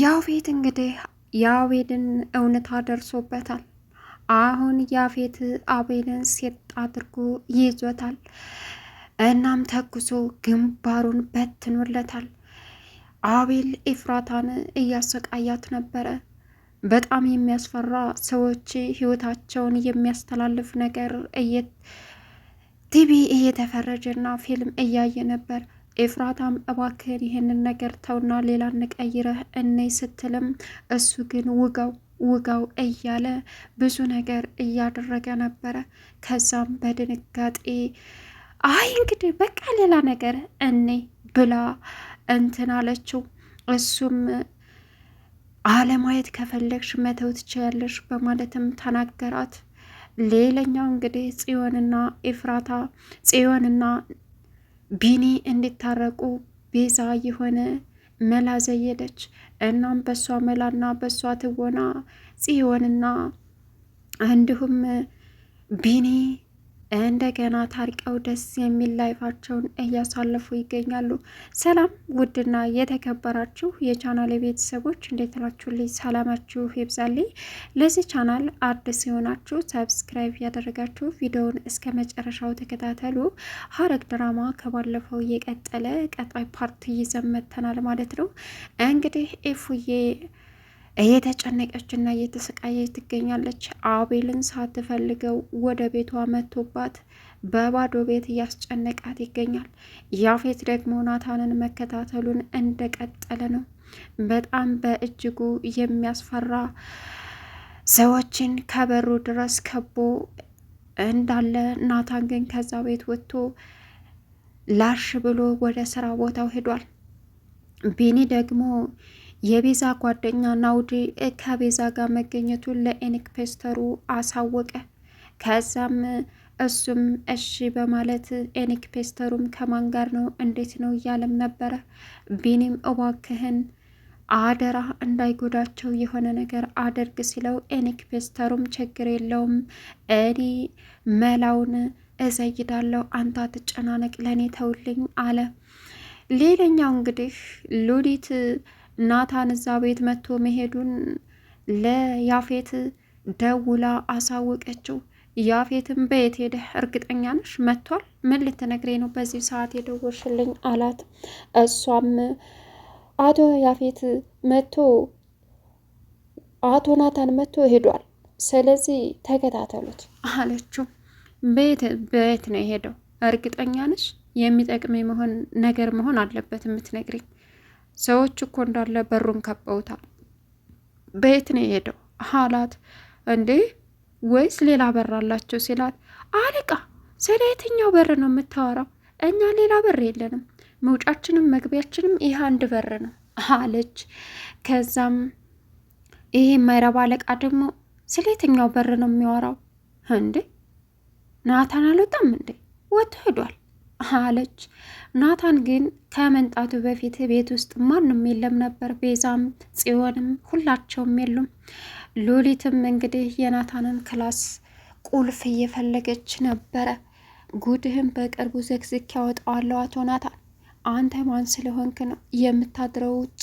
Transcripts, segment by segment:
ያፌት እንግዲህ የአቤልን እውነታ ደርሶበታል። አሁን ያፌት አቤልን ሴት አድርጎ ይዞታል። እናም ተኩሶ ግንባሩን በትኖለታል። አቤል ኢፍራታን እያሰቃያት ነበረ። በጣም የሚያስፈራ ሰዎች ህይወታቸውን የሚያስተላልፍ ነገር ቲቪ እየተፈረጀና ፊልም እያየ ነበር። ኤፍራታም እባክህን ይህንን ነገር ተውና ሌላ ንቀይረህ እኔ ስትልም እሱ ግን ውጋው ውጋው እያለ ብዙ ነገር እያደረገ ነበረ። ከዛም በድንጋጤ አይ እንግዲህ በቃ ሌላ ነገር እኔ ብላ እንትን አለችው። እሱም አለማየት ከፈለግሽ መተው ትችያለሽ በማለትም ተናገራት። ሌላኛው እንግዲህ ጽዮንና ኤፍራታ ጽዮንና ቢኒ እንዲታረቁ ቤዛ የሆነ መላ ዘየደች። እናም በሷ መላና በሷ ትወና ጽዮንና እንዲሁም ቢኒ እንደገና ታርቀው ደስ የሚል ላይፋቸውን እያሳለፉ ይገኛሉ። ሰላም ውድና የተከበራችሁ የቻናል ቤተሰቦች እንዴት ናችሁልኝ? ሰላማችሁ ይብዛልኝ። ለዚህ ቻናል አዲስ የሆናችሁ ሰብስክራይብ ያደረጋችሁ ቪዲዮውን እስከ መጨረሻው ተከታተሉ። ሐረግ ድራማ ከባለፈው የቀጠለ ቀጣይ ፓርት ይዘመተናል ማለት ነው እንግዲህ ኤፉዬ እየተጨነቀችና እየተሰቃየች ትገኛለች። አቤልን ሳትፈልገው ወደ ቤቷ መጥቶባት በባዶ ቤት እያስጨነቃት ይገኛል። ያፌት ደግሞ ናታንን መከታተሉን እንደቀጠለ ነው። በጣም በእጅጉ የሚያስፈራ ሰዎችን ከበሩ ድረስ ከቦ እንዳለ ናታን ግን ከዛ ቤት ወጥቶ ላሽ ብሎ ወደ ስራ ቦታው ሄዷል። ቢኒ ደግሞ የቤዛ ጓደኛ ናውዲ ከቤዛ ጋር መገኘቱን ለኢንስፔክተሩ አሳወቀ። ከዛም እሱም እሺ በማለት ኢንስፔክተሩም ከማን ጋር ነው እንዴት ነው እያለም ነበረ። ቢኒም እባክህን አደራ እንዳይጎዳቸው የሆነ ነገር አድርግ ሲለው ኢንስፔክተሩም ችግር የለውም እኔ መላውን እዘይዳለሁ፣ አንተ አትጨናነቅ፣ ለእኔ ተውልኝ አለ። ሌላኛው እንግዲህ ሉዲት ናታን እዛ ቤት መጥቶ መሄዱን ለያፌት ደውላ አሳወቀችው። ያፌትም በየት ሄደህ እርግጠኛ ነሽ መጥቷል? ምን ልትነግሬ ነው በዚህ ሰዓት የደወልሽልኝ? አላት። እሷም አቶ ያፌት መጥቶ አቶ ናታን መጥቶ ሄዷል፣ ስለዚህ ተከታተሉት አለችው። በየት በየት ነው የሄደው? እርግጠኛ ነሽ? የሚጠቅመኝ መሆን ነገር መሆን አለበት የምትነግረኝ ሰዎች እኮ እንዳለ በሩን ከበውታል። በየት ነው የሄደው አላት። እንዴ ወይስ ሌላ በር አላቸው ሲላት፣ አለቃ ስለ የትኛው በር ነው የምታወራው? እኛ ሌላ በር የለንም። መውጫችንም መግቢያችንም ይህ አንድ በር ነው አለች። ከዛም ይሄ የማይረባ አለቃ ደግሞ ስለ የትኛው በር ነው የሚያወራው? እንዴ ናታን አልወጣም እንዴ ወጥቶ ሄዷል። አለች። ናታን ግን ከመንጣቱ በፊት ቤት ውስጥ ማንም የለም ነበር። ቤዛም፣ ጽዮንም ሁላቸውም የሉም። ሎሊትም እንግዲህ የናታንን ክላስ ቁልፍ እየፈለገች ነበረ። ጉድህም በቅርቡ ዘግዝክ ያወጣዋለሁ አቶ ናታን አንተ ማን ስለሆንክ ነው የምታድረው ውጭ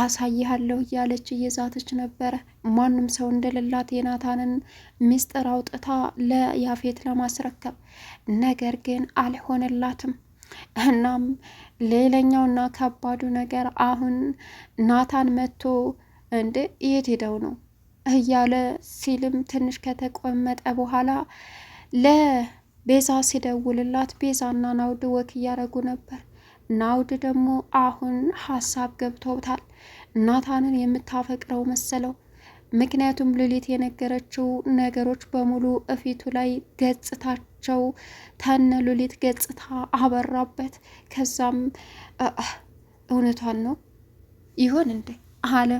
አሳይሃለሁ እያለች እየዛተች ነበረ። ማንም ሰው እንደሌላት የናታንን ምስጢር አውጥታ ለያፌት ለማስረከብ ነገር ግን አልሆነላትም። እናም ሌላኛውና ከባዱ ነገር አሁን ናታን መጥቶ እንደ የት ሄደው ነው እያለ ሲልም ትንሽ ከተቆመጠ በኋላ ለቤዛ ሲደውልላት ቤዛና ናውድ ወክ እያረጉ ነበር። ናውድ ደግሞ አሁን ሀሳብ ገብቶታል። ናታንን የምታፈቅረው መሰለው። ምክንያቱም ሉሊት የነገረችው ነገሮች በሙሉ እፊቱ ላይ ገጽታቸው ተነ ሉሊት ገጽታ አበራበት። ከዛም እውነቷን ነው ይሆን እንዴ አለ።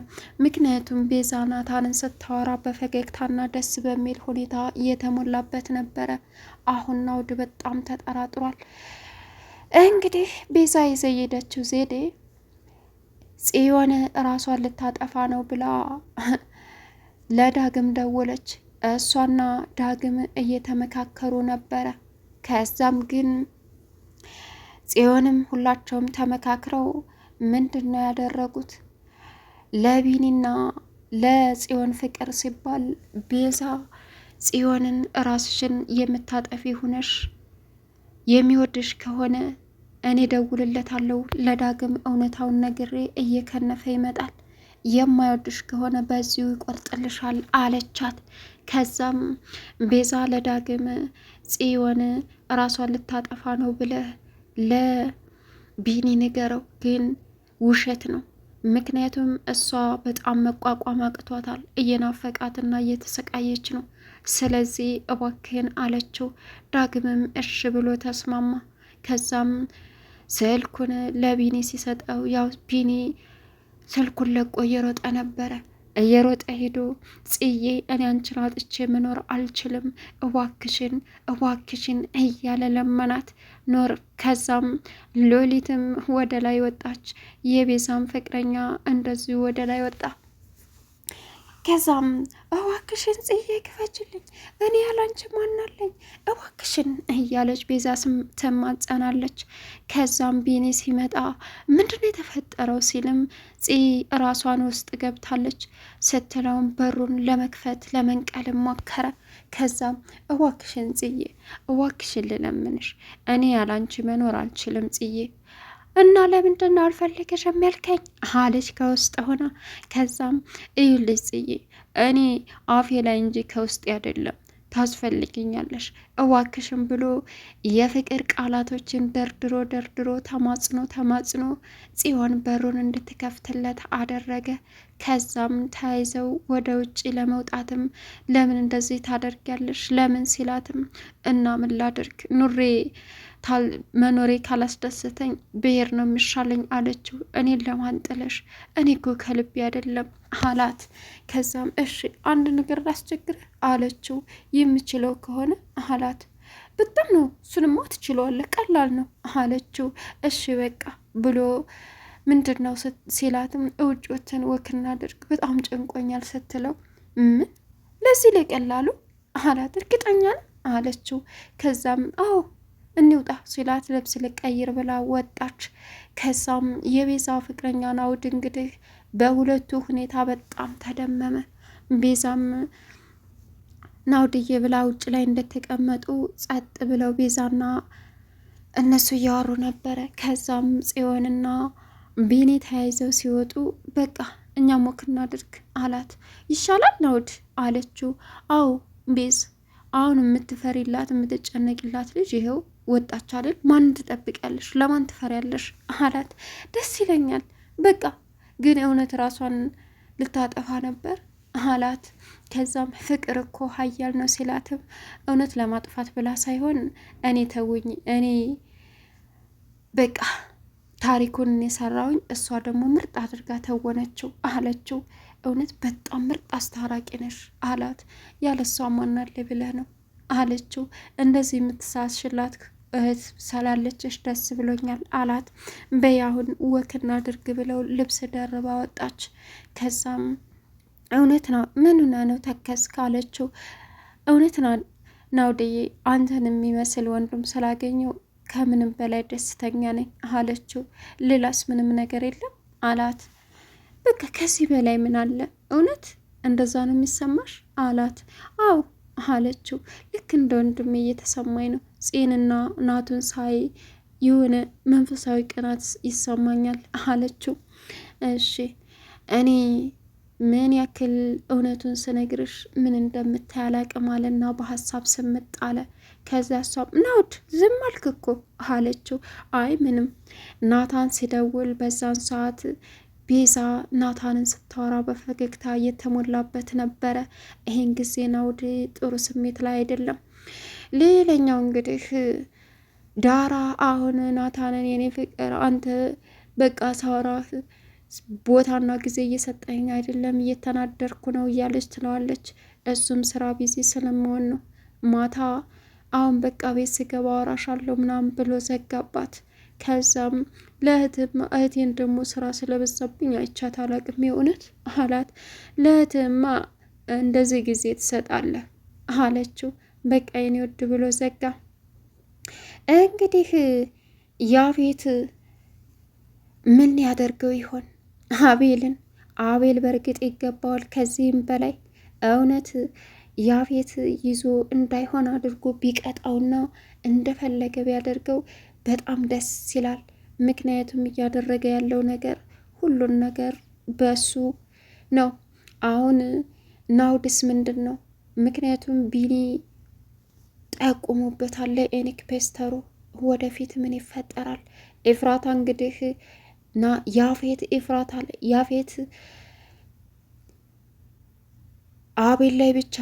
ምክንያቱም ቤዛ ናታንን ስታወራ በፈገግታና ደስ በሚል ሁኔታ እየተሞላበት ነበረ። አሁን ናውድ በጣም ተጠራጥሯል። እንግዲህ ቤዛ የዘየደችው ዜዴ ጽዮን ራሷን ልታጠፋ ነው ብላ ለዳግም ደወለች። እሷና ዳግም እየተመካከሩ ነበረ። ከዛም ግን ጽዮንም ሁላቸውም ተመካክረው ምንድን ነው ያደረጉት? ለቢኒና ለጽዮን ፍቅር ሲባል ቤዛ ጽዮንን ራስሽን የምታጠፊ ሁነሽ የሚወድሽ ከሆነ እኔ ደውልለታለሁ። ለዳግም እውነታውን ነግሬ እየከነፈ ይመጣል። የማይወድሽ ከሆነ በዚሁ ይቆርጥልሻል አለቻት። ከዛም ቤዛ ለዳግም ጽዮን ራሷን ልታጠፋ ነው ብለህ ለቢኒ ንገረው፣ ግን ውሸት ነው። ምክንያቱም እሷ በጣም መቋቋም አቅቷታል፣ እየናፈቃትና እየተሰቃየች ነው። ስለዚህ እባክህን አለችው። ዳግምም እሽ ብሎ ተስማማ። ከዛም ስልኩን ለቢኒ ሲሰጠው ያው ቢኒ ስልኩን ለቆ እየሮጠ ነበረ። እየሮጠ ሄዶ ጽዬ እኔ አንቺን አጥቼ መኖር አልችልም፣ እዋክሽን እዋክሽን እያለ ለመናት ኖር። ከዛም ሎሊትም ወደ ላይ ወጣች፣ የቤዛም ፍቅረኛ እንደዚሁ ወደ ላይ ወጣ። ከዛም እዋክሽን ጽዬ ክፈችልኝ፣ እኔ ያላንቺ ማናለኝ እዋክሽን እያለች ቤዛ ስም ትማጸናለች። ከዛም ቢኒ ሲመጣ ምንድነው የተፈጠረው ሲልም ጽ ራሷን ውስጥ ገብታለች ስትለውን በሩን ለመክፈት ለመንቀልም ሞከረ። ከዛም እዋክሽን ጽዬ እዋክሽን ልለምንሽ፣ እኔ ያላንቺ መኖር አልችልም ጽዬ እና ለምንድን ነው አልፈልግሽም ያልከኝ አለች ከውስጥ ሆና። ከዛም እዩልሽ ጽዬ፣ እኔ አፌ ላይ እንጂ ከውስጥ አይደለም ታስፈልግኛለሽ እዋክሽም ብሎ የፍቅር ቃላቶችን ደርድሮ ደርድሮ ተማጽኖ ተማጽኖ ጽዮን በሩን እንድትከፍትለት አደረገ። ከዛም ተያይዘው ወደ ውጭ ለመውጣትም ለምን እንደዚህ ታደርጊያለሽ ለምን ሲላትም እና ምን ላድርግ ኑሬ መኖሬ ካላስደሰተኝ ብሄር ነው የሚሻለኝ አለችው። እኔን ለማንጠለሽ እኔ እኮ ከልቤ አይደለም አላት። ከዛም እሺ አንድ ነገር ላስቸግር አለችው። የምችለው ከሆነ አላት። በጣም ነው ሱንማ ትችለዋለህ፣ ቀላል ነው አለችው። እሺ በቃ ብሎ ምንድን ነው ሲላትም እውጭ ወተን ወክ እናድርግ በጣም ጨንቆኛል ስትለው ምን ለዚህ ለቀላሉ አላት። እርግጠኛ ነው አለችው። ከዛም አዎ እንውጣ ሲላት ልብስ ልቀይር ብላ ወጣች። ከዛም የቤዛ ፍቅረኛ ናውድ እንግዲህ በሁለቱ ሁኔታ በጣም ተደመመ። ቤዛም ናውድዬ ብላ ውጭ ላይ እንደተቀመጡ ጸጥ ብለው ቤዛና እነሱ እያወሩ ነበረ። ከዛም ጽዮንና ቤኔ ተያይዘው ሲወጡ በቃ እኛ ሞክር እናድርግ አላት። ይሻላል ናውድ አለችው። አዎ ቤዝ አሁን የምትፈሪላት የምትጨነቂላት ልጅ ይኸው ወጣች አይደል? ማን ትጠብቂያለሽ? ለማን ትፈሪያለሽ? አላት። ደስ ይለኛል። በቃ ግን እውነት ራሷን ልታጠፋ ነበር አላት። ከዛም ፍቅር እኮ ሀያል ነው ሲላትም እውነት ለማጥፋት ብላ ሳይሆን እኔ ተውኝ፣ እኔ በቃ ታሪኩን የሰራውኝ እሷ ደግሞ ምርጥ አድርጋ ተወነችው አለችው። እውነት በጣም ምርጥ አስታራቂ ነሽ አላት። ያለ እሷ ማናለ ብለህ ነው አለችው። እንደዚህ የምትሳስሽላት እህት ሰላለችሽ ደስ ብሎኛል አላት። በያሁን ወክና ድርግ ብለው ልብስ ደርባ ወጣች። ከዛም እውነት ነው ምንና ነው ተከስ ካለችው እውነት ናውድዬ አንተን የሚመስል ወንድም ስላገኘው ከምንም በላይ ደስተኛ ነኝ አለችው። ሌላስ ምንም ነገር የለም አላት። በቃ ከዚህ በላይ ምን አለ? እውነት እንደዛ ነው የሚሰማሽ አላት። አው አለችው። ልክ እንደ ወንድሜ እየተሰማኝ ነው። ጽንና ናቱን ሳይ የሆነ መንፈሳዊ ቅናት ይሰማኛል አለችው። እሺ እኔ ምን ያክል እውነቱን ስነግርሽ ምን እንደምታይ አላቅም አለና በሀሳብ ስምጥ አለ። ከዚያ እሷም ናውድ ዝም አልክ እኮ አለችው። አይ ምንም ናታን ሲደውል በዛን ሰዓት ቤዛ ናታንን ስታወራ በፈገግታ እየተሞላበት ነበረ። ይህን ጊዜ ናውድ ጥሩ ስሜት ላይ አይደለም። ሌላኛው እንግዲህ ዳራ አሁን ናታንን የኔ ፍቅር አንተ በቃ ሳወራህ ቦታና ጊዜ እየሰጠኝ አይደለም፣ እየተናደርኩ ነው እያለች ትለዋለች። እሱም ስራ ቢዚ ስለመሆን ነው ማታ አሁን በቃ ቤት ስገባ አወራሻለሁ ምናምን ብሎ ዘጋባት። ከዛም ለእህትም እህቴን ደግሞ ስራ ስለበዛብኝ አይቻት አላቅም የእውነት አላት። ለእህትማ እንደዚህ ጊዜ ትሰጣለህ አለችው። በቃ የኔ ብሎ ዘጋ። እንግዲህ ያፌት ምን ያደርገው ይሆን አቤልን? አቤል በእርግጥ ይገባዋል ከዚህም በላይ እውነት ያፌት ይዞ እንዳይሆን አድርጎ ቢቀጣውና እንደፈለገ ቢያደርገው በጣም ደስ ይላል። ምክንያቱም እያደረገ ያለው ነገር ሁሉን ነገር በሱ ነው። አሁን ናውድስ ምንድን ነው? ምክንያቱም ቢኒ ጠቁሞበታል። ኤኒክ ፔስተሩ ወደፊት ምን ይፈጠራል? ኤፍራታ እንግዲህ ና ያፌት ኤፍራታ ያፌት አቤል ላይ ብቻ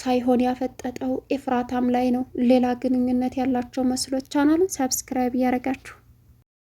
ሳይሆን ያፈጠጠው ኤፍራታም ላይ ነው። ሌላ ግንኙነት ያላቸው መስሎች ቻናሉን ሰብስክራይብ እያደረጋችሁ